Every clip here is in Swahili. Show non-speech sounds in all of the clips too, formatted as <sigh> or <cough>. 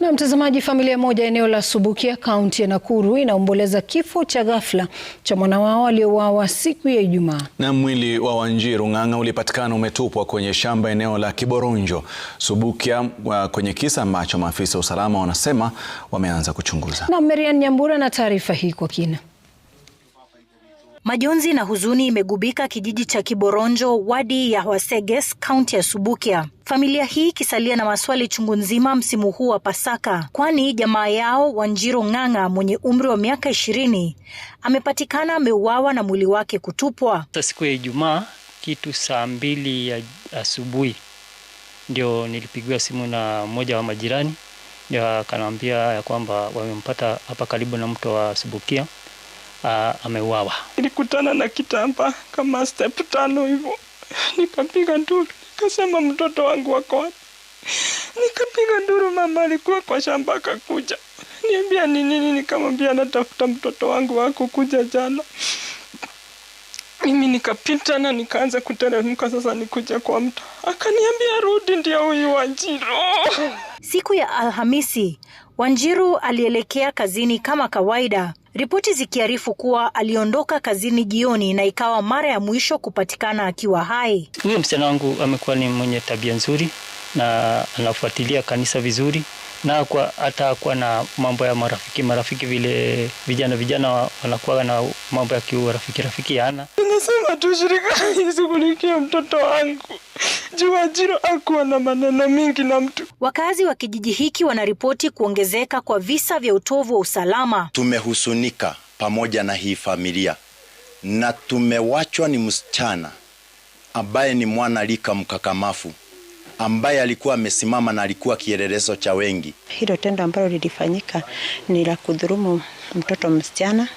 Na mtazamaji, familia moja eneo la Subukia kaunti ya Nakuru inaomboleza kifo cha ghafla cha mwana wao aliyeuawa siku ya Ijumaa. Na mwili wa Wanjiru Ng'ang'a ulipatikana umetupwa kwenye shamba eneo la Kiboronjo, Subukia, kwenye kisa ambacho maafisa wa usalama wanasema wameanza kuchunguza. Na Marian Nyambura na taarifa hii kwa kina. Majonzi na huzuni imegubika kijiji cha Kiboronjo, wadi ya Hwaseges, kaunti ya Subukia. Familia hii ikisalia na maswali chungu nzima msimu huu wa Pasaka, kwani jamaa yao Wanjiro Ng'ang'a mwenye umri wa miaka ishirini amepatikana ameuawa na mwili wake kutupwa siku ya Ijumaa kitu saa mbili ya asubuhi. Ndio nilipigiwa simu na mmoja wa majirani, ndio akanaambia ya kwamba wamempata hapa karibu na mto wa Subukia uh, ameuawa. Nilikutana na kitamba kama step tano hivyo, nikapiga nduru, nikasema mtoto wangu wako wapi? Nikapiga nduru, mama alikuwa kwa shamba akakuja niambia ni nini, nikamwambia natafuta mtoto wangu wako kuja jana. Mimi nikapita na nikaanza kuteremka, sasa nikuja kwa mtu akaniambia rudi, ndio huyu Wanjiru. Siku ya Alhamisi, Wanjiru alielekea kazini kama kawaida Ripoti zikiarifu kuwa aliondoka kazini jioni na ikawa mara ya mwisho kupatikana akiwa hai. Huyo msichana wangu amekuwa ni mwenye tabia nzuri na anafuatilia kanisa vizuri na kwa, hata kuwa na mambo ya marafiki marafiki vile vijana vijana wanakuwa na mambo ya kiurafiki rafiki yana. Tunasema tu shirika ishughulikie <laughs> mtoto wangu juu jiro akuwa na maneno mingi na mtu. Wakazi wa kijiji hiki wanaripoti kuongezeka kwa visa vya utovu wa usalama. Tumehusunika pamoja na hii familia na tumewachwa ni msichana ambaye ni mwana lika mkakamafu ambaye alikuwa amesimama na alikuwa kielelezo cha wengi. Hilo tendo ambalo lilifanyika ni la kudhulumu mtoto msichana,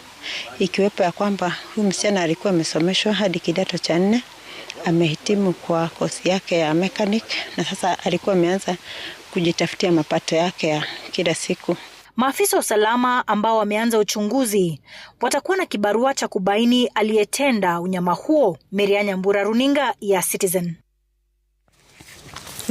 ikiwepo ya kwamba huyu msichana alikuwa amesomeshwa hadi kidato cha nne, amehitimu kwa kosi yake ya mechanic, na sasa alikuwa ameanza kujitafutia mapato yake ya kila siku. Maafisa wa usalama ambao wameanza uchunguzi watakuwa na kibarua cha kubaini aliyetenda unyama huo. Merianya Nyambura, runinga ya Citizen.